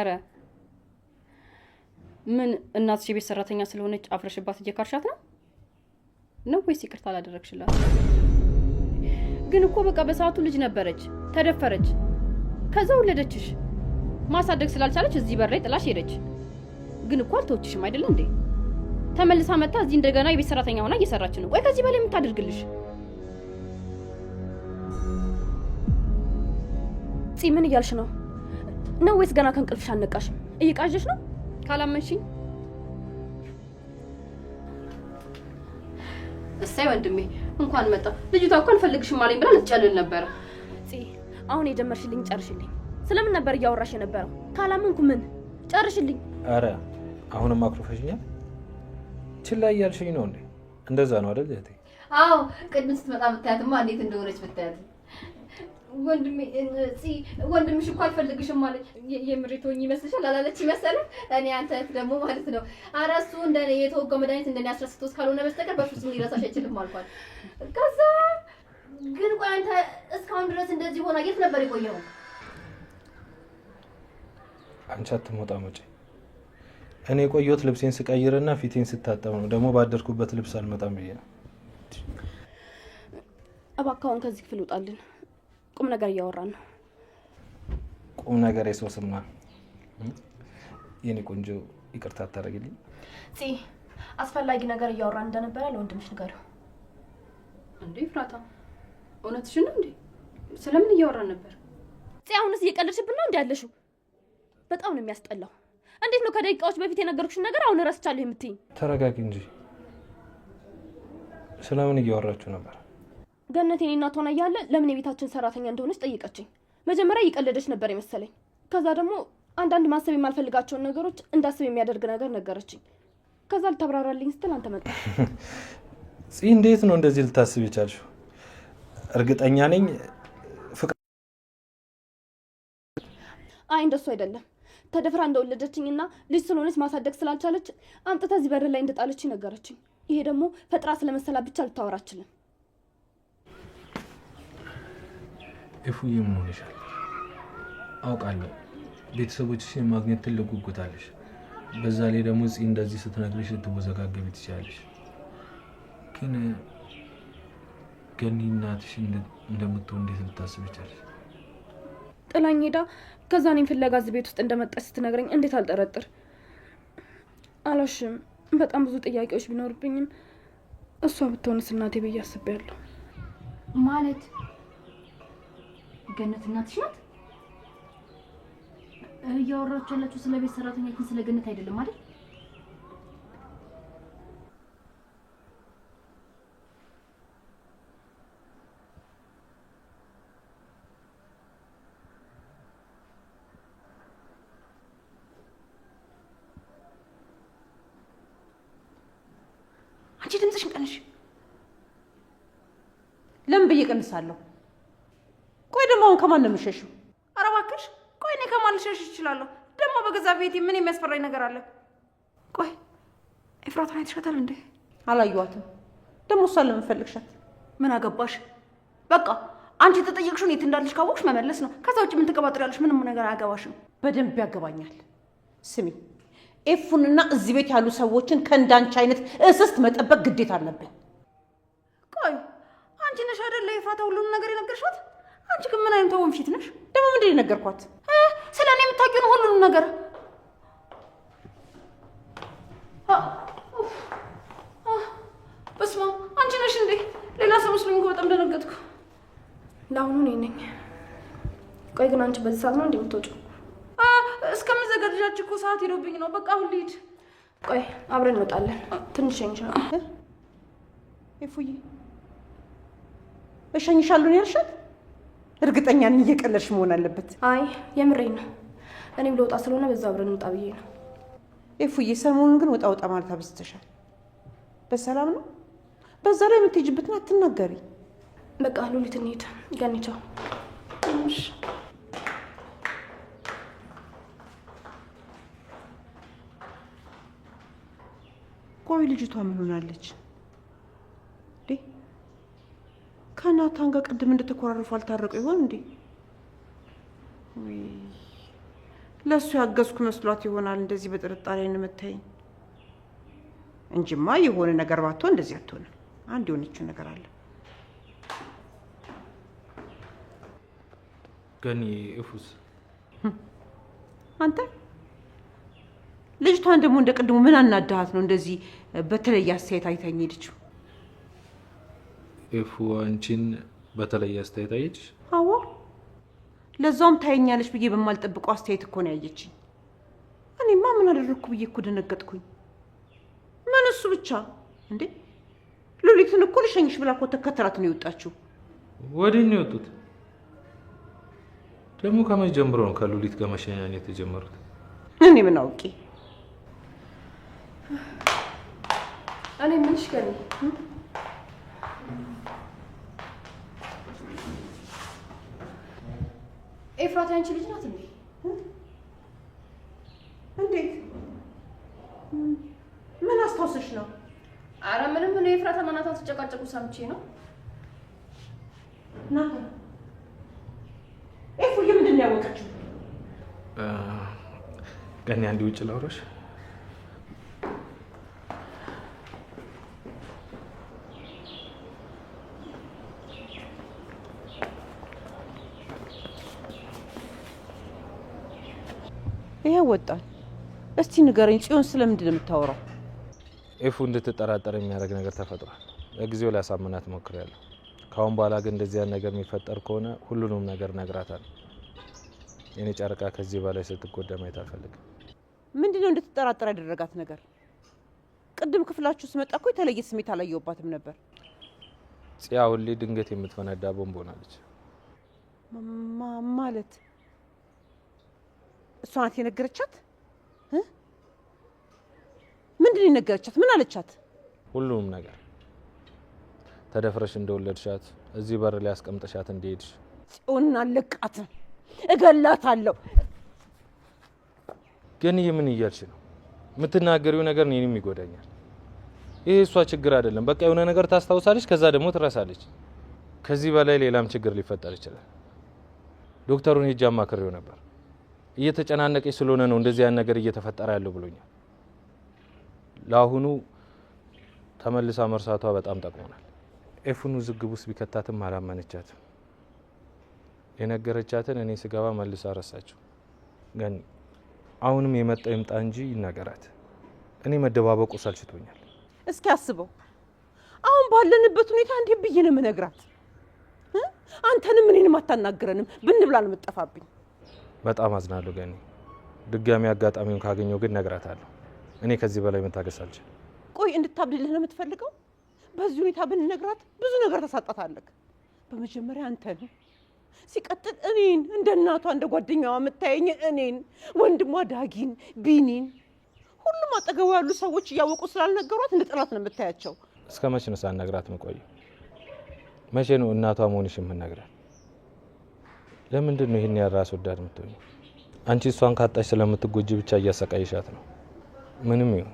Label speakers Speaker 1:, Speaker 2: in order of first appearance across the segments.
Speaker 1: ኧረ ምን እናትሽ የቤት ሰራተኛ ስለሆነች አፍረሽባት እየካርሻት ነው ነው ወይስ ይቅርታ አላደረግሽላት? ግን እኮ በቃ በሰዓቱ ልጅ ነበረች፣ ተደፈረች፣ ከዛ ወለደችሽ። ማሳደግ ስላልቻለች እዚህ በር ላይ ጥላሽ ሄደች። ግን እኮ አልተወችሽም አይደለ እንዴ? ተመልሳ መታ እዚህ እንደገና የቤት ሰራተኛ ሆና እየሰራች ነው። ቆይ ከዚህ በላይ የምታደርግልሽ ፂ ምን እያልሽ ነው? ነው ወይስ ገና ከእንቅልፍሽ አልነቃሽም? እየቃዠሽ ነው።
Speaker 2: ካላመንሽኝ እሰይ ወንድሜ እንኳን መጣ። ልጅቷ እኮ አልፈልግሽም አለኝ ብላ ልትጨልል ነበረ።
Speaker 1: አሁን የጀመርሽልኝ ጨርሽልኝ። ስለምን ነበር እያወራሽ የነበረው? ካላመንኩ ምን ጨርሽልኝ።
Speaker 3: አረ አሁንም አኩርፈሽኛል። ችላ እያልሽኝ ነው እንዴ? እንደዛ ነው አደል እህቴ?
Speaker 2: አዎ ቅድም ስትመጣ ብታያትማ እንዴት እንደሆነች ብታያት ወንድሜ ወንድምሽ እኮ አይፈልግሽም ማለት የምሬቶኝ ይመስልሻል? አላለች ይመሰለ እኔ አንተ ደግሞ ማለት ነው። እንደ የተወጋው መድኃኒት እንደኔ በስተቀር በፍጹም ሊረሳሽ አይችልም ከዛ ግን ቆይ አንተ እስካሁን ድረስ እንደዚህ ሆና የት ነበር የቆየው?
Speaker 3: አንቺ አትሞጣም ውጪ። እኔ የቆየሁት ልብሴን ስቀይርና ፊቴን ስታጠብ ነው። ደግሞ ባደርኩበት ልብስ አልመጣም ብዬ ነው።
Speaker 1: እባክህ አሁን ከዚህ ክፍል ውጣልን። ቁም ነገር እያወራን ነው።
Speaker 3: ቁም ነገር የሰው ስማ፣ የኔ ቆንጆ ይቅርታ አታደርግልኝ።
Speaker 1: ፂ አስፈላጊ ነገር እያወራን እንደነበረ ለወንድምሽ ንገሪው።
Speaker 2: እንዴ ፍራታ፣ እውነትሽን ነው እንዴ? ስለምን እያወራን ነበር?
Speaker 1: ፂ አሁንስ እየቀለድሽብን ነው እንዲ ያለሽው? በጣም ነው የሚያስጠላው። እንዴት ነው ከደቂቃዎች በፊት የነገርኩሽን ነገር አሁን እረስቻለሁ የምትይኝ?
Speaker 3: ተረጋጊ እንጂ። ስለምን እያወራችሁ ነበር?
Speaker 1: ገነት የኔ ሆና እያለ ለምን የቤታችን ሰራተኛ እንደሆነች ጠይቀችኝ። መጀመሪያ እየቀለደች ነበር የመሰለኝ። ከዛ ደግሞ አንዳንድ ማሰብ የማልፈልጋቸውን ነገሮች እንዳስብ የሚያደርግ ነገር ነገረችኝ። ከዛ ልታብራራልኝ ስትል አንተ መጣ።
Speaker 3: እንዴት ነው እንደዚህ ልታስብ የቻልሽው? እርግጠኛ ነኝ
Speaker 1: አይ እንደሱ አይደለም። ተደፍራ እንደወለደችኝ እና ልጅ ስለሆነች ማሳደግ ስላልቻለች አምጥታ እዚህ በር ላይ እንደጣለች ነገረችኝ። ይሄ ደግሞ ፈጥራ ስለመሰላ ብቻ ልታወራ
Speaker 3: እፉዬ መሆንሻል አውቃለሁ። ቤተሰቦችሽ ማግኘት ትልቅ ጉጉት አለሽ። በዛ ላይ ደግሞ ጽ እንደዚህ ስትነግርሽ ልትወዘጋገቢ ትችላለሽ። ግን ገኒ እናትሽ እንደምትሆን እንዴት ልታስብ ይቻለሽ?
Speaker 1: ጥላኝ ሄዳ ከዛ እኔን ፍለጋ እዚህ ቤት ውስጥ እንደመጣች ስትነግረኝ እንዴት አልጠረጥር አላሽም። በጣም ብዙ ጥያቄዎች ቢኖርብኝም እሷ ብትሆንስ እናቴ ብዬ አስቤያለሁ
Speaker 2: ማለት ገነት እናትሽ ናት? እያወራችሁ ያላችሁ ስለ ቤት ሰራተኛችን ስለ ገነት አይደለም አይደል? አንቺ ድምፅሽን ቀንሽ። ለምን ብዬ ቀንሳለሁ? ከማን ነው የምሸሽው? ኧረ እባክሽ ቆይ፣ እኔ ከማን ልሸሽ እችላለሁ? ደግሞ በገዛ ቤቴ ምን የሚያስፈራኝ ነገር አለ?
Speaker 1: ቆይ ኤፍራታን አይተሻታል እንዴ?
Speaker 2: አላየኋትም። ደግሞ እሷን ለምን ፈልግሻት?
Speaker 1: ምን አገባሽ? በቃ አንቺ የተጠየቅሽውን የት እንዳለሽ ካወቅሽ መመለስ ነው። ከዛ ውጭ ምን ትቀባጥሪያለሽ? ምንም ነገር አያገባሽም።
Speaker 2: በደንብ ያገባኛል። ስሚ ኤፉንና እዚህ ቤት ያሉ ሰዎችን ከእንዳንቺ አይነት እስስት መጠበቅ ግዴታ አለብኝ።
Speaker 1: ቆይ አንቺ ነሽ አይደል የፍራታ ሁሉንም ነገር የነገርሻት? አንቺ ግን ምን አይነት ወንፊት ነሽ?
Speaker 2: ደግሞ ምንድን የነገርኳት
Speaker 1: ስለ እኔ የምታውቂውን ሁሉንም ነገር በስማ አንቺ ነሽ እንዴ? ሌላ ሰው መስሎኝ እኮ በጣም ደነገጥኩ። ለአሁኑ እኔ ነኝ። ቆይ ግን አንቺ በዚህ ሰዓት ነው እንዴ የምትወጪው? እስከምዘጋጃች እኮ ሰዓት ሄዶብኝ ነው። በቃ አሁን ልሂድ። ቆይ አብረን እንወጣለን። ትንሽ ሸኝሻለሁ።
Speaker 2: ፉይ እሸኝሻሉን ያልሻል እርግጠኛ ነኝ እየቀለድሽ መሆን አለበት።
Speaker 1: አይ የምሬ ነው። እኔም ለወጣ ስለሆነ በዛ አብረን ወጣ ብዬ ነው።
Speaker 2: ኤፉዬ ሰሞኑን ግን ወጣ ወጣ ማለት አብዝተሻል። በሰላም ነው? በዛ ላይ የምትሄጂበትን አትናገሪ።
Speaker 1: በቃ ሉሊት እንሂድ። ገኒቸው
Speaker 2: ቆይ ልጅቷ ምን ሆናለች? ከናታን ጋር ቅድም እንደተኮራረፉ አልታረቁ ይሆን እንዴ? ለእሱ ያገዝኩ መስሏት ይሆናል እንደዚህ በጥርጣሬ እንመታይኝ እንጂማ የሆነ ነገር ባትሆን እንደዚህ አትሆንም። አንድ የሆነችው ነገር አለ።
Speaker 3: ግን እፉስ
Speaker 2: አንተ ልጅቷን ደግሞ እንደ ቅድሙ ምን አናዳሃት ነው እንደዚህ በተለየ አስተያየት አይታኝ ሄደችው?
Speaker 3: ኤፉ አንቺን በተለየ አስተያየት አየችሽ?
Speaker 2: አዎ፣ ለዛውም ታየኛለች ብዬ በማልጠብቀው አስተያየት እኮ ነው ያየችኝ። እኔማ ምን አደረግኩ ብዬ እኮ ደነገጥኩኝ። ምን እሱ ብቻ እንዴ! ሉሊትን እኮ ልሸኝሽ ብላ እኮ ተከተላት ነው የወጣችው።
Speaker 3: ወዴት ነው የወጡት? ደግሞ ከመቼ ጀምሮ ነው ከሉሊት ጋር መሸኛኘት የተጀመሩት?
Speaker 2: እኔ ምን አውቄ።
Speaker 1: እኔ ምንሽ ኤፍራት ያንቺ ልጅ ናት እንዴ?
Speaker 2: እንዴት? ምን አስታውሰሽ ነው?
Speaker 1: አረ ምንም። እኔ ኤፍራት እናቷ ሲጨቃጨቁ ሰምቼ ነው።
Speaker 2: ኤፉዬ ምንድን ነው ያወቀችው?
Speaker 3: ቀን አንድ ውጭ ላውራሽ
Speaker 2: ይሄ ወጣል። እስቲ ንገረኝ ጽዮን፣ ስለምንድን ነው የምታወራው?
Speaker 3: ኤፉ እንድትጠራጠር የሚያደርግ ነገር ተፈጥሯል። ለጊዜው ላሳምናት ሞክሬያለሁ። ካሁን በኋላ ግን እንደዚያ ነገር የሚፈጠር ከሆነ ሁሉንም ነገር ነግራታል። የኔ ጨረቃ ከዚህ በላይ ስትጎዳ ማየት አልፈልግም።
Speaker 2: ምንድን ነው እንድትጠራጠር ያደረጋት ነገር? ቅድም ክፍላችሁ ስመጣ እኮ የተለየ ስሜት አላየውባትም ነበር።
Speaker 3: ጽያ ሁሌ ድንገት የምትፈነዳ ቦምብ ሆናለች
Speaker 2: ማለት እሷ ናት የነገረቻት። ምንድን የነገረቻት? ምን አለቻት?
Speaker 3: ሁሉንም ነገር ተደፍረሽ እንደወለድሻት እዚህ በር ላይ አስቀምጠሻት እንደሄድሽ
Speaker 2: ጽዮንን አለቃትም እገላታለሁ።
Speaker 3: ግን ይህ ምን እያልሽ ነው? የምትናገሪው ነገር እኔንም ይጎዳኛል። ይህ እሷ ችግር አይደለም። በቃ የሆነ ነገር ታስታውሳለች፣ ከዛ ደግሞ ትረሳለች። ከዚህ በላይ ሌላም ችግር ሊፈጠር ይችላል። ዶክተሩን ሄጄ አማክሬው ነበር። እየተጨናነቀ ስለሆነ ነው እንደዚህ ያን ነገር እየተፈጠረ ያለው ብሎኛል። ለአሁኑ ተመልሳ መርሳቷ በጣም ጠቅሞናል። ኤፍኑ ዝግብ ውስጥ ቢከታትም አላመነቻትም። የነገረቻትን እኔ ስገባ መልሳ ረሳችው። ገኒ አሁንም የመጣ ይምጣ እንጂ ይናገራት። እኔ መደባበቁ ሰልችቶኛል።
Speaker 2: እስኪ አስበው፣ አሁን ባለንበት ሁኔታ እንዴት ብዬ ነው የምነግራት? አንተንም እኔንም አታናግረንም ብንብላ ነው የምጠፋብኝ
Speaker 3: በጣም አዝናለሁ ገኒ። ድጋሚ አጋጣሚውን ካገኘው ግን ነግራታለሁ። እኔ ከዚህ በላይ መታገስ አልችል።
Speaker 2: ቆይ እንድታብድልህ ነው የምትፈልገው? በዚህ ሁኔታ ብንነግራት ብዙ ነገር ተሳጣታለክ። በመጀመሪያ አንተ ነው፣ ሲቀጥል እኔን እንደ እናቷ እንደ ጓደኛዋ የምታየኝ እኔን፣ ወንድሟ ዳጊን፣ ቢኒን፣ ሁሉም አጠገቡ ያሉ ሰዎች እያወቁ ስላልነገሯት እንደ ጠላት ነው የምታያቸው።
Speaker 3: እስከ መቼ ነው ሳንነግራት ምቆይ? መቼ ነው እናቷ መሆንሽ የምንነግራት? ለምንድን ነው ይሄን ያራስ ወዳድ የምትሆኝ? አንቺ እሷን ካጣሽ ስለምትጎጅ ብቻ እያሰቃይሻት ነው። ምንም ይሁን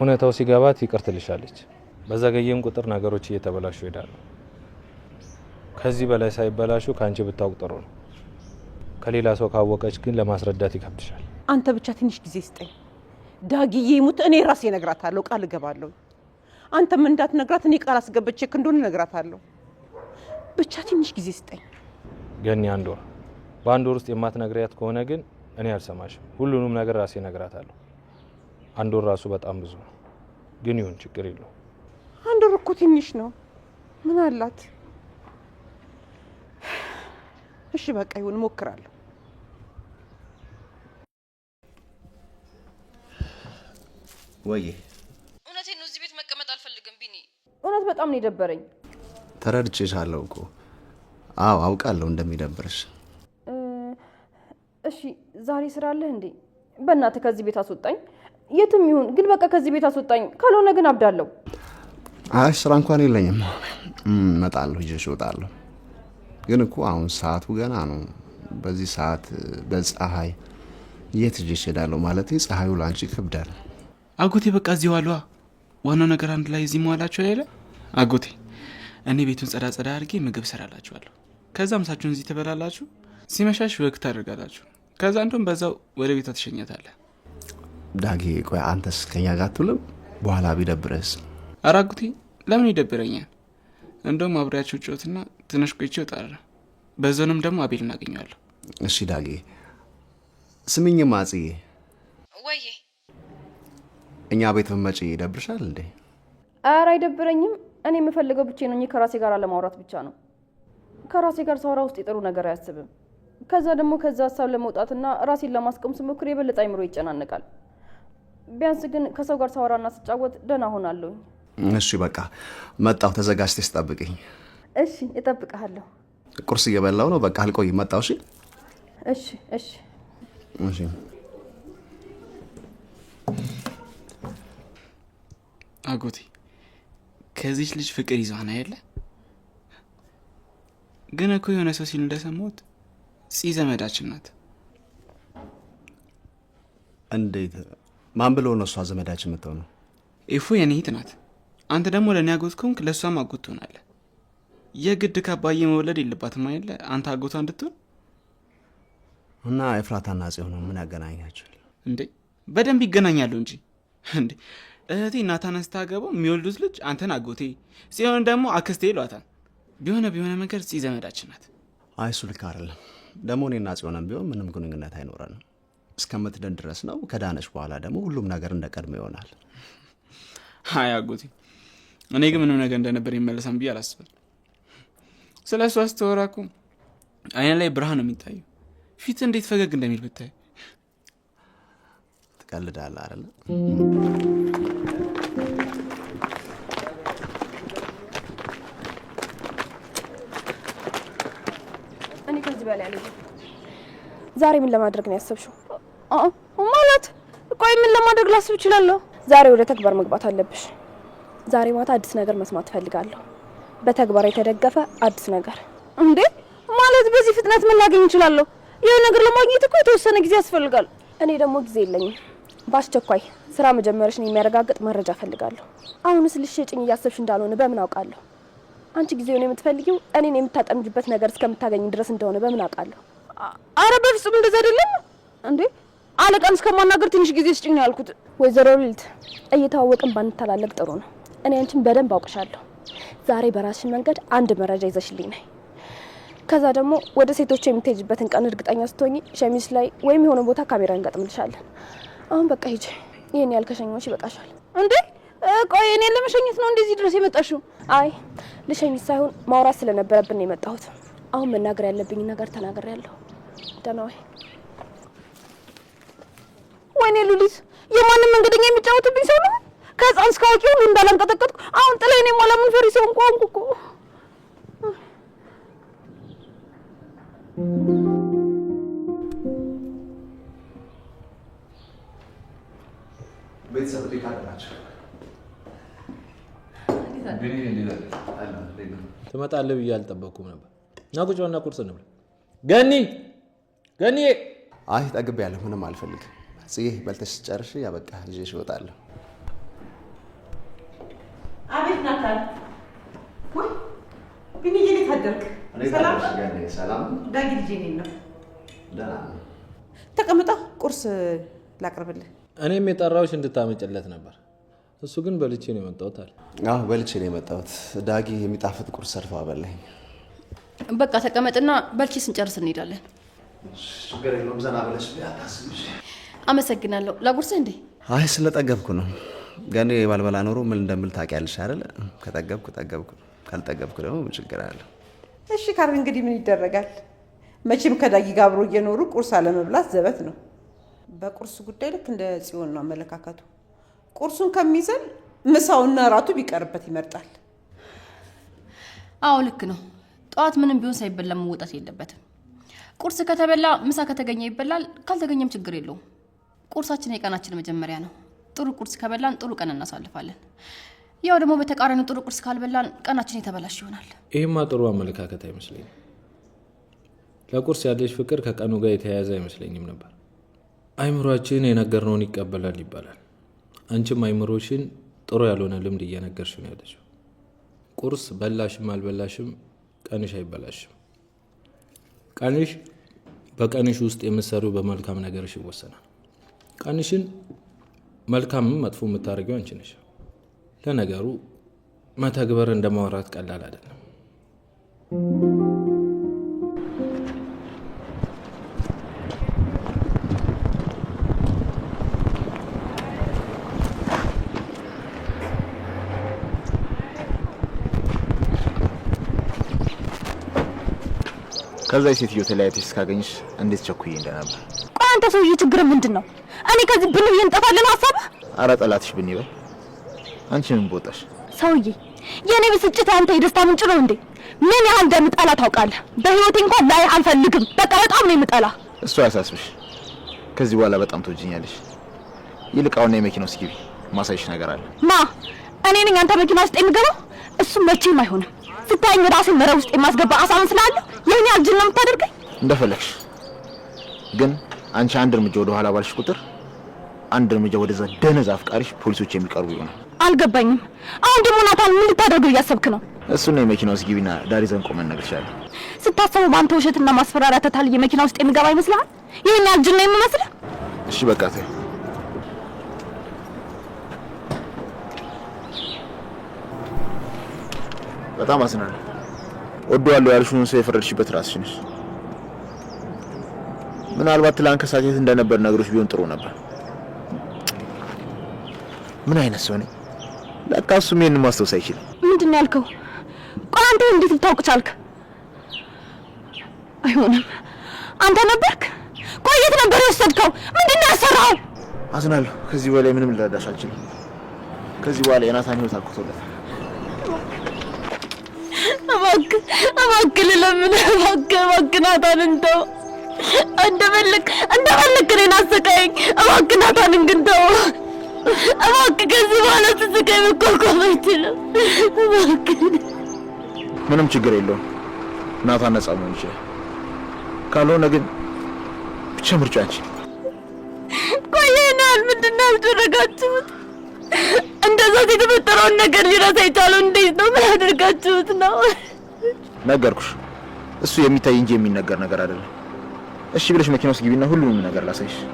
Speaker 3: ሁኔታው ሲገባት ይቅር ትልሻለች። በዘገየም ቁጥር ነገሮች እየተበላሹ ይሄዳሉ። ከዚህ በላይ ሳይበላሹ ከአንቺ ብታውቅ ጥሩ ነው። ከሌላ ሰው ካወቀች ግን ለማስረዳት ይከብድሻል።
Speaker 2: አንተ ብቻ ትንሽ ጊዜ ስጠኝ። ዳግዬ ሙት፣ እኔ ራሴ እነግራታለሁ፣ ቃል እገባለሁ። አንተም እንዳትነግራት እኔ ቃል አስገብቼ እንደሆነ እነግራታለሁ። ብቻ ትንሽ ጊዜ ስጠኝ።
Speaker 3: የኔ አንድ ወር በአንድ ወር ውስጥ የማትነግሪያት ከሆነ ግን እኔ አልሰማሽም። ሁሉንም ነገር ራሴ ነግራታለሁ። አንድ ወር ራሱ በጣም ብዙ ነው፣ ግን ይሁን ችግር የለው።
Speaker 2: አንድ ወር እኮ ትንሽ ነው። ምን አላት? እሺ በቃ ይሁን፣ እሞክራለሁ።
Speaker 3: ወይ
Speaker 1: እውነቴን ነው። እዚህ ቤት መቀመጥ አልፈልግም ቢኒ። እውነት በጣም ነው የደበረኝ።
Speaker 3: ተረድቼሻለሁ እኮ አዎ አውቃለሁ እንደሚደብርሽ።
Speaker 1: እሺ ዛሬ ስራ አለህ እንዴ? በእናትህ ከዚህ ቤት አስወጣኝ። የትም ይሁን ግን በቃ ከዚህ ቤት አስወጣኝ፣ ካልሆነ ግን አብዳለሁ።
Speaker 3: አይ ስራ እንኳን የለኝም። እመጣለሁ፣ ይዤሽ እወጣለሁ። ግን እኮ አሁን ሰዓቱ ገና ነው። በዚህ ሰዓት በፀሐይ የት ይዤሽ እሄዳለሁ? ማለት ፀሐዩ ለአንቺ ይከብዳል።
Speaker 4: አጎቴ በቃ እዚህ ዋሏ። ዋናው ነገር አንድ ላይ እዚህ መዋላቸው አይደለ? አጎቴ እኔ ቤቱን ጸዳ ጸዳ አድርጌ ምግብ ሰራላችኋለሁ። ከዛ ምሳችሁን እዚህ ትበላላችሁ። ሲመሻሽ ወግ ታደርጋላችሁ። ከዛ እንዲሁም በዛው ወደ ቤቷ ትሸኘታለህ።
Speaker 3: ዳጌ ቆይ አንተስ ከኛ ጋር አትውልም? በኋላ ቢደብረስ?
Speaker 4: አራጉቴ ለምን ይደብረኛል? እንደውም አብሬያችሁ ጭወትና ትንሽ ቆይቼ እወጣለሁ። በዞንም ደግሞ አቤል እናገኘዋለሁ።
Speaker 3: እሺ ዳጌ ስሚኝም፣ አጽዬ ወይ እኛ ቤት ብትመጪ ይደብርሻል እንዴ?
Speaker 1: ኧረ አይደብረኝም። እኔ የምፈልገው ብቻ ነው፣ ከራሴ ጋር ለማውራት ብቻ ነው። ከራሴ ጋር ሳወራ ውስጥ የጥሩ ነገር አያስብም። ከዛ ደግሞ ከዛ ሀሳብ ለመውጣትና ራሴን ለማስቆም ስሞክር የበለጠ አይምሮ ይጨናነቃል። ቢያንስ ግን ከሰው ጋር ሳወራና ስጫወት ደህና ሆናለሁ።
Speaker 3: እሺ በቃ መጣሁ። ተዘጋጅተሽ ጠብቅኝ።
Speaker 1: እሺ እጠብቅሃለሁ።
Speaker 3: ቁርስ እየበላሁ ነው። በቃ አልቆይም፣ መጣሁ። እሺ
Speaker 1: እሺ እሺ
Speaker 3: እሺ።
Speaker 4: አጎቴ ከዚች ልጅ ፍቅር ይዟን አየለ ግን እኮ የሆነ ሰው ሲል እንደሰማት ፂ ዘመዳችን ናት።
Speaker 3: እንዴት? ማን ብሎ ነው እሷ ዘመዳችን የምትሆነው?
Speaker 4: ኢፉ የኔ እህት ናት። አንተ ደግሞ ለእኔ አጎት ከሆንክ ለእሷም አጎት ትሆናለ የግድ ካባዬ መውለድ የለባትም አይደለ? አንተ አጎቷ እንድትሆን
Speaker 3: እና ኤፍራታና ጽዮን ምን ያገናኛቸው
Speaker 4: እንዴ? በደንብ ይገናኛሉ እንጂ እንዴ! እህቴ ናታንን ስታገባው የሚወልዱት ልጅ አንተን አጎቴ፣ ሲሆን ደግሞ አክስቴ ይሏታል። ቢሆነ ቢሆነ መንገድ ጽ ዘመዳችን ናት።
Speaker 3: አይ እሱ ልክ አይደለም። ደግሞ እኔና ጽዮንም ቢሆን ምንም ግንኙነት አይኖረንም እስከምትድን ድረስ ነው። ከዳነች በኋላ ደግሞ ሁሉም ነገር እንደ ቀድሞ ይሆናል።
Speaker 4: አይ አጎቴ፣ እኔ ግን ምንም ነገር እንደነበር ይመለሳን ብዬ አላስበል። ስለ እሷ ስትወራ እኮ አይነ ላይ ብርሃን ነው የሚታየው። ፊት እንዴት ፈገግ እንደሚል ብታይ።
Speaker 3: ትቀልዳለህ አይደለ?
Speaker 1: አልሄድም። ዛሬ ምን ለማድረግ ነው ያሰብሽው?
Speaker 2: ማለት ቆይ ምን ለማድረግ ላስብ እችላለሁ?
Speaker 1: ዛሬ ወደ ተግባር መግባት አለብሽ። ዛሬ ማታ አዲስ ነገር መስማት ፈልጋለሁ በተግባር የተደገፈ አዲስ ነገር።
Speaker 2: እንዴ ማለት በዚህ ፍጥነት ምን ላገኝ እችላለሁ? ይህ ነገር ለማግኘት እኮ የተወሰነ ጊዜ ያስፈልጋል።
Speaker 1: እኔ ደግሞ ጊዜ የለኝም። በአስቸኳይ ስራ መጀመርሽን የሚያረጋግጥ መረጃ እፈልጋለሁ። አሁንስ ልትሸጪኝ እያሰብሽ እንዳልሆነ በምን አውቃለሁ? አንቺ ጊዜውን የምትፈልጊው እኔን የምታጠምጅበት ነገር እስከምታገኝ ድረስ እንደሆነ በምን አውቃለሁ?
Speaker 2: አረ በፍጹም እንደዛ አይደለም እንዴ! አለቃን እስከማናገር ትንሽ ጊዜ ስጭኝ ያልኩት።
Speaker 1: ወይዘሮ ሉሊት እየተዋወቅን ባንተላለቅ ጥሩ ነው። እኔ አንቺን በደንብ አውቅሻለሁ። ዛሬ በራስሽን መንገድ አንድ መረጃ ይዘሽልኝ ነይ። ከዛ ደግሞ ወደ ሴቶች የምትሄጅበትን ቀን እርግጠኛ ስትሆኚ ሸሚዝ ላይ ወይም የሆነ ቦታ ካሜራ እንገጥምልሻለን። አሁን በቃ ሂጂ። ይህን ያህል ከሸኘሁሽ ይበቃሻል።
Speaker 2: እንዴ ቆይ እኔን ለመሸኘት ነው እንደዚህ ድረስ የመጣሽው?
Speaker 1: አይ ልሸኝት ሳይሆን ማውራት ስለነበረብን ነው የመጣሁት። አሁን መናገር ያለብኝ ነገር ያለሁ። ደህና ወይ?
Speaker 2: ወይኔ ሉሊት፣ የማንም መንገደኛ የሚጫወትብኝ ሰው ነው። ከህፃን እስከ አዋቂ ሁሉ እንዳላንቀጠቀጥኩ አሁን ጥላ ኔ ሟላ ፈሪ ሰው እንኳ እኮ
Speaker 3: ቤተሰብ ቤት አደራቸው ትመጣለህ ብዬ አልጠበኩም ነበር። እና ቁጭ በልና ቁርስ እንብላ። ገኒ ገኒ! አይ ያለ ምንም አልፈልግም። ጽዬ በልተሽ ጨርሽ፣ ያበቃ ይዤሽ እወጣለሁ።
Speaker 2: አቤት ናታል፣ ወይ ቢኒዬ፣ እንዴት አደርክ? ሰላም ነው። ተቀምጣ ቁርስ ላቅርብልህ።
Speaker 3: እኔም የጠራሁሽ እንድታመጭለት ነበር እሱ ግን በልቼ ነው የመጣሁት አለ። አዎ በልቼ ነው የመጣሁት። ዳጊ የሚጣፍጥ ቁርስ ሰርፋ በላኝ።
Speaker 1: በቃ ተቀመጥና በልቼ ስንጨርስ እንሄዳለን። አመሰግናለሁ። ላጉርስህ እንዴ?
Speaker 3: አይ ስለጠገብኩ ነው። ገኔ ባልበላ ኖሮ ምን እንደምል ታውቂያለሽ አይደለ? ከጠገብኩ ጠገብኩ፣ ካልጠገብኩ ደግሞ ምን ችግር አለ?
Speaker 2: እሺ ካር እንግዲህ ምን ይደረጋል? መቼም ከዳጊ ጋር አብሮ እየኖሩ ቁርስ አለመብላት ዘበት ነው። በቁርስ ጉዳይ ልክ እንደ ጽዮን ነው አመለካከቱ። ቁርሱን ከሚዘል ምሳውና እራቱ ቢቀርበት ይመርጣል።
Speaker 1: አዎ ልክ ነው። ጠዋት ምንም ቢሆን ሳይበላ መውጣት የለበትም። ቁርስ ከተበላ ምሳ ከተገኘ ይበላል፣ ካልተገኘም ችግር የለውም። ቁርሳችን የቀናችን መጀመሪያ ነው። ጥሩ ቁርስ ከበላን ጥሩ ቀን እናሳልፋለን። ያው ደግሞ በተቃራኒ ጥሩ ቁርስ ካልበላን ቀናችን የተበላሽ ይሆናል።
Speaker 3: ይህማ ጥሩ አመለካከት አይመስለኝም። ለቁርስ ያለች ፍቅር ከቀኑ ጋር የተያያዘ አይመስለኝም ነበር። አይምሯችን የነገርነውን ይቀበላል ይባላል። አንቺም አይምሮሽን ጥሩ ያልሆነ ልምድ እየነገርሽ ነው ያለችው። ቁርስ በላሽም አልበላሽም ቀንሽ አይበላሽም። ቀንሽ በቀንሽ ውስጥ የምትሰሪው በመልካም ነገርሽ ይወሰናል። ቀንሽን መልካምም መጥፎ የምታደርጊው አንቺ ነሽ። ለነገሩ መተግበር እንደማውራት ቀላል አይደለም። ከዛ ሴትዮ ተለያይተሽ እስካገኝሽ እንዴት ቸኩዬ እንደነበር።
Speaker 1: ቆይ አንተ ሰውዬ ችግር ምንድን ነው? እኔ ከዚህ ብን ብዬ እንጠፋለን ሀሳብ
Speaker 3: አረ ጠላትሽ ብን ይበል። አንቺ ምን ቦጣሽ
Speaker 1: ሰውዬ። የእኔ ብስጭት አንተ የደስታ ምንጭ ነው እንዴ? ምን ያህል እንደምጠላ ታውቃለህ። በህይወቴ እንኳን ላይ አልፈልግም። በቃ በጣም ነው የምጠላ።
Speaker 3: እሱ አያሳስብሽ። ከዚህ በኋላ በጣም ትወጂኛለሽ። ይልቃውና የመኪና ውስጥ ማሳይሽ ነገር አለ።
Speaker 1: ማ እኔ ነኝ አንተ መኪና ውስጥ የሚገባው? እሱ መቼም አይሆንም። ስታይኝ ራሴን መረብ ውስጥ የማስገባ አሳምን ስላለ ይህን አልጅን ነው የምታደርገኝ።
Speaker 3: እንደፈለግሽ ግን አንቺ አንድ እርምጃ ወደ ኋላ ባልሽ ቁጥር አንድ እርምጃ ወደዛ ደነዝ አፍቃሪሽ ፖሊሶች የሚቀርቡ ይሆናል።
Speaker 1: አልገባኝም። አሁን ደግሞ ናታን ምን ልታደርገው እያሰብክ ነው?
Speaker 3: እሱ ነው የመኪና ውስጥ ግቢና ዳሪ ዘን ቆመን እነግርሻለሁ።
Speaker 1: ስታሰበው በአንተ ውሸትና ማስፈራሪያ ተታልዬ መኪና ውስጥ የሚገባ ይመስልሃል? ይህን ያህል ነው የምመስልህ?
Speaker 3: እሺ በቃ ተይ በጣም አዝናለሁ። ወደዋለሁ ያልሽውን ሰው የፈረድሽበት ራስሽ ምናልባት ትላንት እንደነበር ነገሮች ቢሆን ጥሩ ነበር። ምን አይነት ሰው ነኝ? ለካ እሱም ይሄንን ማስታወስ አይችልም።
Speaker 1: ምንድን ነው ያልከው? ቆይ አንተ እንዴት ልታውቅ ቻልክ? አይሆንም። አንተ ነበርክ? ቆይ የት ነበር የወሰድከው? ምንድን ነው ያሰራው?
Speaker 3: አዝናለሁ። ከዚህ በላይ ምንም ልረዳሽ አልችልም። ከዚህ በኋላ የናታን ህይወት አቁቶለታል።
Speaker 2: እባክህ እባክህ ልለምንህ እባክህ እባክህ ናታን እንደው እንደፈለክ እንደፈለክ እኔን አሰቃየኝ እባክህ ናታንን ግን ተው ከዚህ በኋላ ስስቃይ መቋቋም አይችልም እባክህ
Speaker 3: ምንም ችግር የለውም ናታን ነጻ መሆን ይችላል ካልሆነ ግን ብቻ ምርጫ አንቺ
Speaker 2: ቆየናል ምንድን ነው ያደረጋችሁት እንደዛ የተፈጠረውን ነገር ሊረሳ የቻለው እንዴት ነው ምን አድርጋችሁት ነው
Speaker 3: ነገርኩሽ። እሱ የሚታይ እንጂ የሚነገር ነገር አይደለም። እሺ ብለሽ መኪና ውስጥ ግቢና ሁሉንም ነገር ላሳይሽ።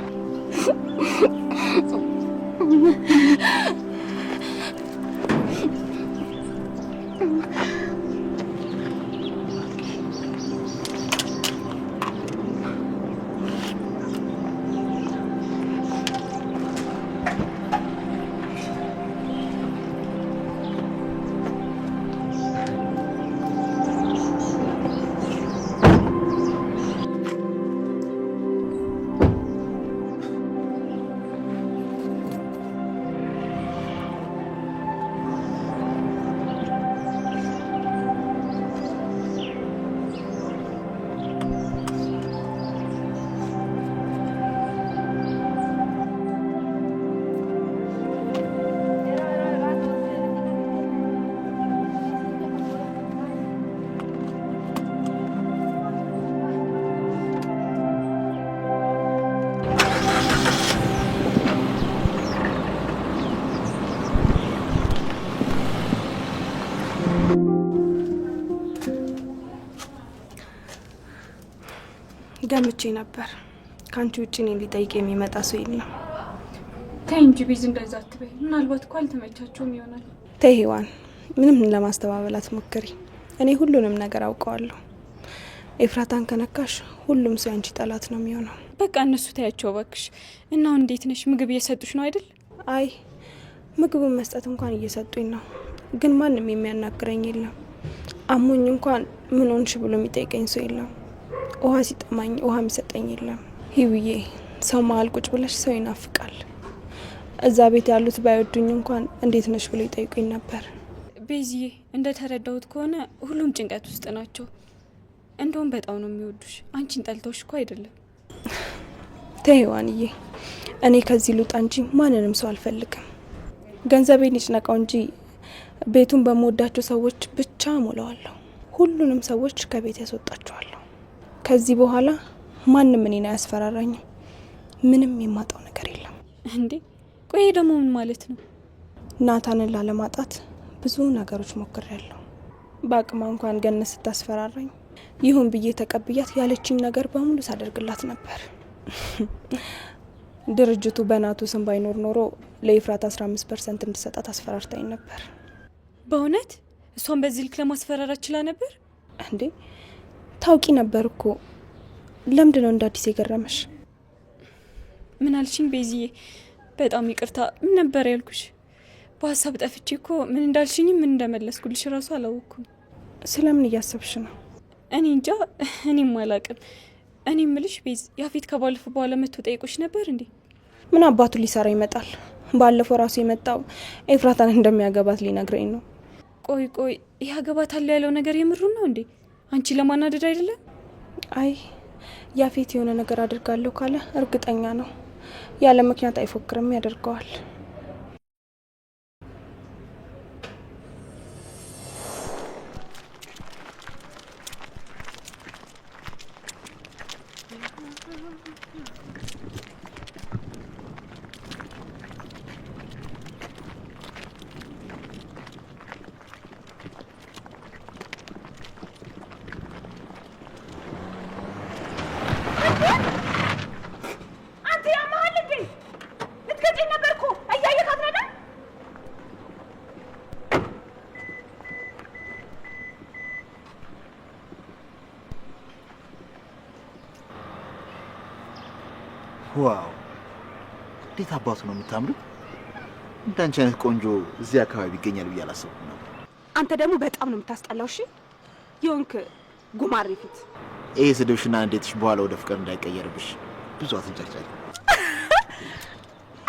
Speaker 1: ገምቼ ነበር። ከአንቺ ውጭ እኔን ሊጠይቅ የሚመጣ ሰው የለም።
Speaker 2: ተይ እንጂ ቢዝ፣ እንደዛ አትበይ። ምናልባት እኮ አልተመቻቸውም ይሆናል።
Speaker 1: ተይ ሔዋን፣ ምንም ለማስተባበል አትሞክሪ። እኔ ሁሉንም ነገር አውቀዋለሁ። ኤፍራታን ከነካሽ ሁሉም ሰው ያንቺ ጠላት ነው የሚሆነው።
Speaker 2: በቃ እነሱ ታያቸው እባክሽ። እና እንዴት ነሽ? ምግብ እየሰጡሽ ነው አይደል?
Speaker 1: አይ ምግቡን መስጠት እንኳን እየሰጡኝ ነው ግን ማንም የሚያናግረኝ የለም። አሞኝ እንኳን ምን ሆንሽ ብሎ የሚጠይቀኝ ሰው የለም። ውሃ ሲጠማኝ ውሃ የሚሰጠኝ የለም። ሂውዬ ሰው መሀል ቁጭ ብለሽ ሰው ይናፍቃል። እዛ ቤት ያሉት ባይወዱኝ እንኳን እንዴት ነሽ ብሎ ይጠይቁኝ ነበር።
Speaker 2: ቤዚዬ እንደ ተረዳሁት ከሆነ ሁሉም ጭንቀት ውስጥ ናቸው። እንደውም በጣም ነው የሚወዱሽ። አንቺን ጠልተውሽ እኮ አይደለም።
Speaker 1: ተይዋንዬ እኔ ከዚህ ልውጣ እንጂ ማንንም ሰው አልፈልግም። ገንዘቤን ይጭነቀው እንጂ ቤቱን በምወዳቸው ሰዎች ብቻ ሞለዋለሁ። ሁሉንም ሰዎች ከቤት ያስወጣቸዋለሁ። ከዚህ በኋላ ማንም እኔን አያስፈራራኝም። ምንም የማጣው ነገር የለም።
Speaker 2: እንዴ ቆይ ደግሞ ምን ማለት ነው?
Speaker 1: ናታንን ላለማጣት ብዙ ነገሮች ሞክሬያለሁ። በአቅማ እንኳን ገነት ስታስፈራራኝ ይሁን ብዬ ተቀብያት ያለችኝ ነገር በሙሉ ሳደርግላት ነበር። ድርጅቱ በናቱ ስም ባይኖር ኖሮ ለኤፍራት 15 ፐርሰንት እንድሰጣት አስፈራርታኝ ነበር።
Speaker 2: በእውነት እሷን በዚህ ልክ ለማስፈራራት ችላ ነበር
Speaker 1: እንዴ? ታውቂ ነበር እኮ። ለምንድን ነው እንደ አዲስ የገረመሽ?
Speaker 2: ምን አልሽኝ ቤዚዬ? በጣም ይቅርታ። ምን ነበር ያልኩሽ? በሀሳብ ጠፍቼ እኮ ምን እንዳልሽኝም ምን እንደመለስኩልሽ ራሱ አላወቅኩም።
Speaker 1: ስለምን እያሰብሽ ነው?
Speaker 2: እኔ እንጃ፣ እኔም አላቅም። እኔ ምልሽ ቤዝ ያፌት ከባለፈ በኋላ መጥቶ ጠይቆች ነበር እንዴ?
Speaker 1: ምን አባቱ ሊሰራ ይመጣል? ባለፈው ራሱ የመጣው ኤፍራታን እንደሚያገባት ሊነግረኝ ነው።
Speaker 2: ቆይ ቆይ ያገባታል ያለው ነገር የምሩን ነው እንዴ? አንቺ ለማናደድ አይደለም?
Speaker 1: አይ ያፌት የሆነ ነገር አድርጋለሁ ካለ እርግጠኛ ነው። ያለ ምክንያት አይፎክርም፣ ያደርገዋል።
Speaker 3: ዋው! እንዴት አባቱ ነው የምታምሩት! እንዳንቺ አይነት ቆንጆ እዚህ አካባቢ ይገኛል ብዬ አላሰብኩም ነበር።
Speaker 2: አንተ ደግሞ በጣም ነው የምታስጠላው። እሺ የሆንክ ጉማሬ ፊት።
Speaker 3: ይሄ ስድብሽና እንዴትሽ በኋላ ወደ ፍቅር እንዳይቀየርብሽ ብዙ አትንጨርጫል።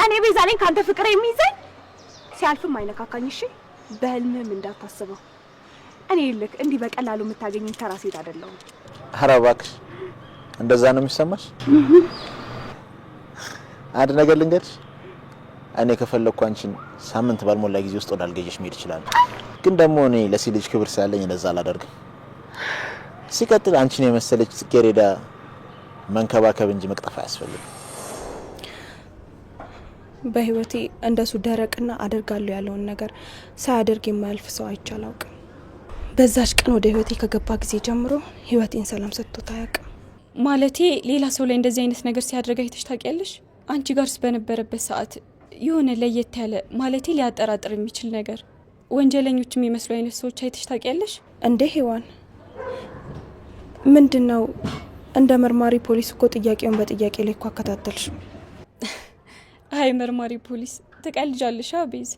Speaker 2: እኔ ቤዛ ነኝ ከአንተ ፍቅር የሚይዘኝ ሲያልፍም አይነካካኝ። እሺ በህልምም እንዳታስበው። እኔ ልክ እንዲህ በቀላሉ የምታገኝ ተራ ሴት አይደለሁም።
Speaker 3: ኧረ እባክሽ እንደዛ ነው የሚሰማሽ? አንድ ነገር ልንገርሽ፣ እኔ ከፈለግኩ አንቺን ሳምንት ባልሞላ ጊዜ ውስጥ ወዳልገየሽ መሄድ ይችላል። ግን ደግሞ እኔ ለሴት ልጅ ክብር ስላለኝ እንደዛ አላደርግም። ሲቀጥል አንቺን የመሰለች ጽጌረዳ መንከባከብ እንጂ መቅጠፍ አያስፈልግም።
Speaker 1: በህይወቴ እንደሱ ደረቅና አደርጋለሁ ያለውን ነገር ሳያደርግ የማያልፍ ሰው አይቼ አላውቅም። በዛች ቀን ወደ ህይወቴ ከገባ ጊዜ ጀምሮ ህይወቴን ሰላም ሰጥቶት አያውቅም።
Speaker 2: ማለቴ ሌላ ሰው ላይ እንደዚህ አይነት ነገር ሲያደርግ አይተሽ ታውቂያለሽ?
Speaker 1: አንቺ ጋርስ በነበረበት ሰዓት የሆነ ለየት ያለ ማለቴ ሊያጠራጥር የሚችል ነገር ወንጀለኞች የሚመስሉ አይነት ሰዎች አይተሽ ታውቂያለሽ እንዴ? ሄዋን ምንድን ነው? እንደ መርማሪ ፖሊስ እኮ ጥያቄውን በጥያቄ ላይ እኮ አከታተልሽም።
Speaker 2: አይ መርማሪ ፖሊስ ትቀልጃለሽ አቤዝ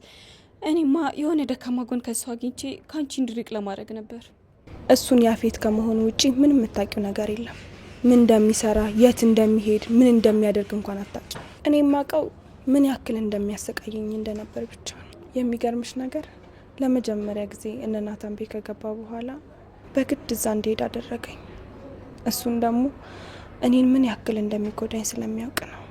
Speaker 2: እኔማ የሆነ ደካማ ጎን ከሱ አግኝቼ ከአንቺ እንድርቅ ለማድረግ ነበር።
Speaker 1: እሱን ያፌት ከመሆኑ ውጪ ምንም የምታውቂው ነገር የለም። ምን እንደሚሰራ የት እንደሚሄድ ምን እንደሚያደርግ እንኳን አታውቂ። እኔ ማቀው ምን ያክል እንደሚያሰቃየኝ እንደነበር ብቻ ነው። የሚገርምሽ ነገር ለመጀመሪያ ጊዜ እነ ናታን ቤት ከገባ በኋላ በግድ እዛ እንዲሄድ አደረገኝ። እሱን ደግሞ እኔን ምን ያክል እንደሚጎዳኝ ስለሚያውቅ ነው።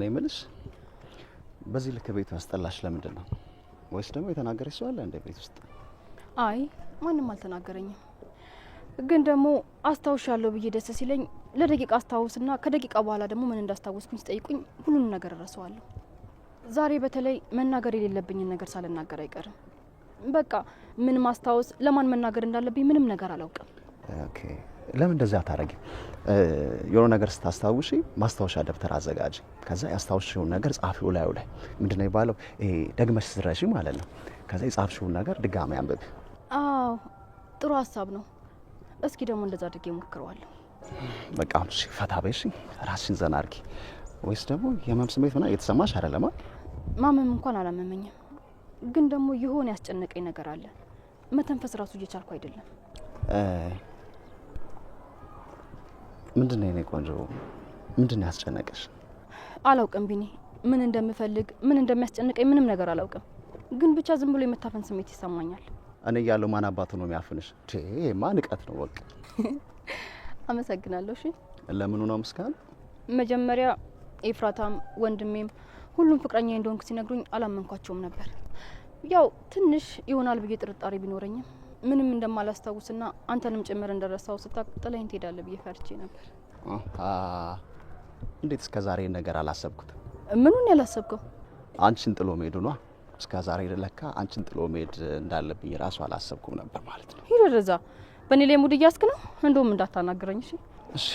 Speaker 3: እኔ ምልሽ በዚህ ልክ ቤቱ አስጠላሽ ለምንድን ነው? ወይስ ደግሞ የተናገረች ሰው አለ እንደ ቤት ውስጥ?
Speaker 1: አይ ማንም አልተናገረኝም። ግን ደግሞ አስታውሻለሁ ብዬ ደስ ሲለኝ ለደቂቃ አስታውስና ከደቂቃ በኋላ ደግሞ ምን እንዳስታወስኩኝ ስጠይቁኝ ሁሉንም ነገር እረሳዋለሁ። ዛሬ በተለይ መናገር የሌለብኝን ነገር ሳልናገር አይቀርም። በቃ ምን ማስታወስ፣ ለማን መናገር እንዳለብኝ ምንም ነገር አላውቅም።
Speaker 3: ኦኬ ለምን እንደዚህ አታረጊም? የሆነ ነገር ስታስታውሺ ማስታወሻ ደብተር አዘጋጅ። ከዛ ያስታውሽውን ነገር ጻፊው ላዩ ላይ ምንድነው የሚባለው ደግመሽ ስረሺ ማለት ነው። ከዛ የጻፍሽውን ነገር ድጋሚ አንብብ።
Speaker 1: አዎ ጥሩ ሀሳብ ነው። እስኪ ደግሞ እንደዛ አድርጌ ሞክረዋለሁ።
Speaker 3: በቃ እሺ፣ ፈታ በይ ራስሽን ዘና አድርጊ። ወይስ ደግሞ የህመም ስሜት ምናምን እየተሰማሽ አይደለም?
Speaker 1: ማመም እንኳን አላመመኝም፣ ግን ደግሞ የሆነ ያስጨነቀኝ ነገር አለ። መተንፈስ ራሱ እየቻልኩ አይደለም።
Speaker 3: ምንድን ነው የኔ ቆንጆ? ምንድን ያስጨነቀሽ?
Speaker 1: አላውቅም ቢኒ፣ ምን እንደምፈልግ ምን እንደሚያስጨንቀኝ ምንም ነገር አላውቅም። ግን ብቻ ዝም ብሎ የመታፈን ስሜት ይሰማኛል።
Speaker 3: እኔ እያለሁ ማን አባቱ ነው የሚያፍንሽ? ማ ንቀት ነው ወቅ
Speaker 1: አመሰግናለሁ። እሺ፣
Speaker 3: ለምኑ ነው ምስጋና?
Speaker 1: መጀመሪያ ኤፍራታም ወንድሜም ሁሉም ፍቅረኛ እንደሆንኩ ሲነግሩኝ አላመንኳቸውም ነበር። ያው ትንሽ ይሆናል ብዬ ጥርጣሬ ቢኖረኝም ምንም እንደማላስታውስና አንተንም ጭምር እንደረሳው ስታቅ ጥለኝ ትሄዳለህ ብዬ ፈርቼ ነበር።
Speaker 3: እንዴት እስከ ዛሬ ነገር አላሰብኩት?
Speaker 1: ምኑን ያላሰብከው?
Speaker 3: አንቺን ጥሎ መሄዱ ነዋ። እስከ ዛሬ ለካ አንቺን ጥሎ መሄድ እንዳለብኝ ራሱ አላሰብኩም ነበር ማለት
Speaker 1: ነው። ሂድ ወደዛ። በእኔ ላይ ሙድ እያስክ ነው። እንደውም እንዳታናግረኝ እሺ።
Speaker 3: እሺ፣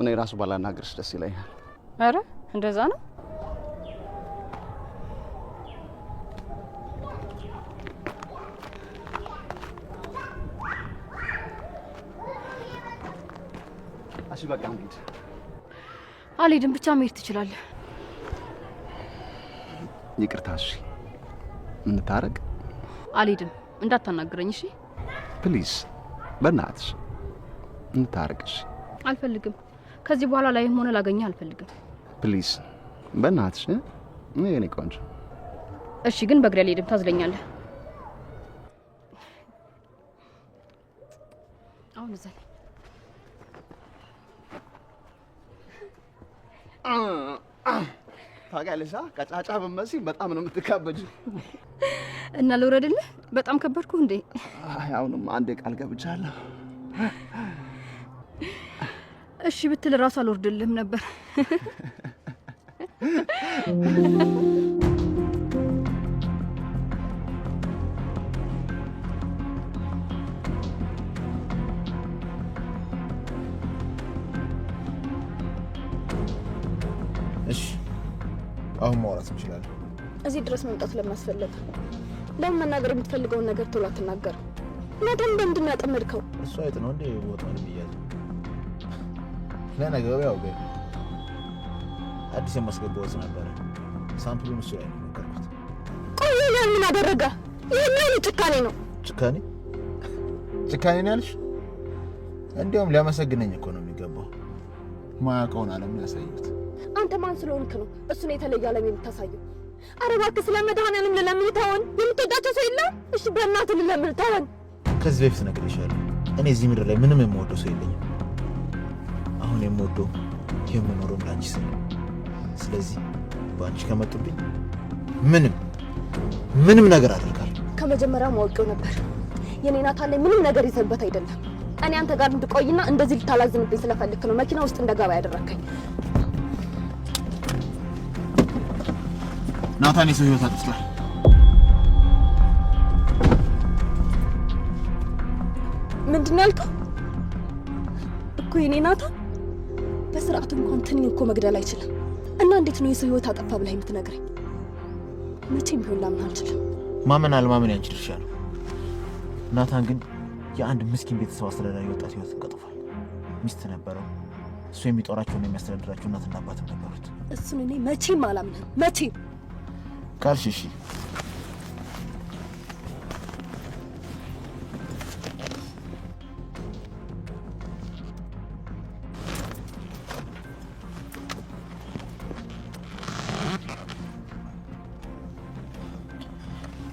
Speaker 3: እኔ ራሱ ባላናግርሽ ደስ ይለኛል።
Speaker 1: አረ እንደዛ ነው እሺ በቃ እንሂድ። አልሄድም፣ ብቻ መሄድ ትችላለህ።
Speaker 3: ይቅርታ። እሺ እንታረቅ።
Speaker 1: አልሄድም፣ እንዳታናግረኝ። እሺ
Speaker 3: ፕሊዝ፣ በእናትሽ እንታረቅ። እሺ
Speaker 1: አልፈልግም። ከዚህ በኋላ ላይም ሆነ ላገኘህ አልፈልግም።
Speaker 3: ፕሊዝ፣ በእናትሽ የኔ ቆንጆ።
Speaker 1: እሺ ግን በእግሬ አልሄድም፣ ታዝለኛለህ። አሁን እዛ ላይ
Speaker 3: ታውቂያለሽ፣ ቀጫጫ ብትመስይ በጣም ነው የምትካበጅ።
Speaker 1: እና ልውረድልህ? በጣም ከበድኩ እንዴ?
Speaker 3: አሁንም አንዴ ቃል ገብቻለሁ።
Speaker 1: እሺ ብትል እራሱ አልወርድልህም ነበር።
Speaker 3: አሁን ማውራት እንችላለን።
Speaker 1: እዚህ ድረስ መምጣት ለማስፈለግ ለምን መናገር የምትፈልገውን ነገር ቶሎ አትናገር? መደም በምንድን ያጠመድከው?
Speaker 3: እሱ አይጥ ነው እንዴ ወጥመድ ብያዝ ለነገሩ ያው ገ አዲስ የማስገባው ወጥ ነበረ። ሳምፕሉን እሱ ላይ ሞከርኩት።
Speaker 2: ቆይ ያን ምን አደረገ? ይህን ጭካኔ ነው።
Speaker 3: ጭካኔ ጭካኔ ነው ያልሽ? እንዲያውም ሊያመሰግነኝ እኮ ነው የሚገባው። ማያውቀውን አለም ያሳዩት።
Speaker 1: አንተ ማን ስለሆንክ ነው እሱን የተለየ ዓለም የምታሳየው? ኧረ እባክህ ስለ መድኃኒዓለም ልለምንህ ተወን። የምትወዳቸው ሰው የለም? እሺ በእናት ልለምንህ ተወን።
Speaker 3: ከዚህ በፊት ነግሬሻለሁ፣ እኔ እዚህ ምድር ላይ ምንም የምወደው ሰው የለኝም። አሁን የምወደው የምኖረው ላንቺ ስል ነው። ስለዚህ በአንቺ ከመጡብኝ ምንም ምንም ነገር አደርጋለሁ።
Speaker 1: ከመጀመሪያው ማወቂው ነበር። የኔ ናታ ላይ ምንም ነገር ይዘበት አይደለም። እኔ አንተ ጋር እንድቆይና እንደዚህ ልታላዝንብኝ ስለፈልክ ነው መኪና ውስጥ እንደገባ ያደረከኝ።
Speaker 3: ናታን የሰው ህይወት አጥፍቷል።
Speaker 1: ምንድን ያልከው እኮ የኔ ናታን? በስርዓቱ እንኳን ትንኝ እኮ መግደል አይችልም። እና እንዴት ነው የሰው ህይወት አጠፋ ብላ የምትነግረኝ? መቼም ቢሆን ላምን አልችልም።
Speaker 3: ማመን አለማመን ያንቺ ድርሻ ነው። ናታን ግን የአንድ ምስኪን ቤተሰብ አስተዳዳሪ ወጣት ህይወት ቀጥፏል። ሚስት ነበረው፣ እሱ የሚጦራቸውና የሚያስተዳድራቸው እናትና አባትም ነበሩት።
Speaker 1: እሱን እኔ መቼም አላምንም መቼም
Speaker 3: كارشيشي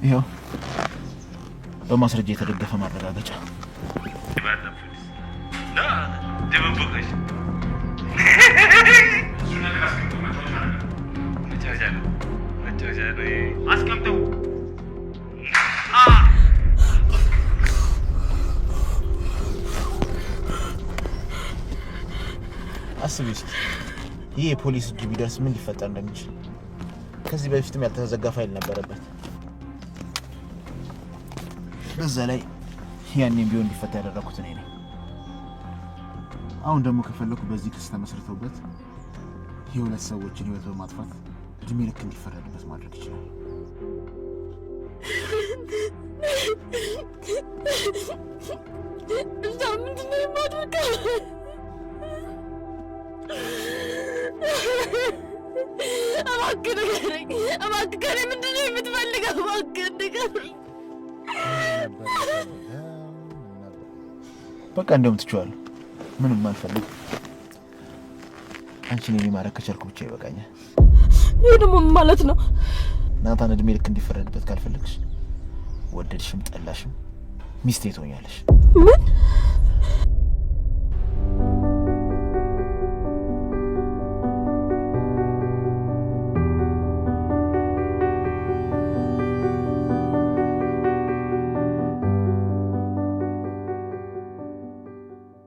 Speaker 3: ايوه لو بمصر جيت اغدى فما بلادك አስቢ እስኪ ይህ የፖሊስ እጅ ቢደርስ ምን ሊፈጠር እንደሚችል። ከዚህ በፊትም ያልተዘጋ ፋይል ነበረበት። በዛ ላይ ያኔም ቢሆን እንዲፈታ ያደረኩት እኔ ነኝ። አሁን ደግሞ ከፈለኩ በዚህ ክስ ተመስርተውበት የሁለት ሰዎችን ህይወት በማጥፋት እድሜ ልክ እንዲፈረድበት ማድረግ ይችላል።
Speaker 2: ምንድነው የማድረግ እባክህ ንገረኝ፣ እባክህ ከእኔ ምንድን ነው የምትፈልገው? እባክህ ንገረኝ።
Speaker 3: በቃ እንደውም ትችዋለሁ። ምንም አልፈልግም። አንቺን እኔ ማድረግ ከቻልኩ ብቻ ይበቃኛል።
Speaker 1: ይህ ደግሞ ማለት ነው
Speaker 3: ናታን እድሜ ልክ እንዲፈረድበት ካልፈለግሽ፣ ወደድሽም ጠላሽም ሚስቴ ትሆኛለሽ። ምን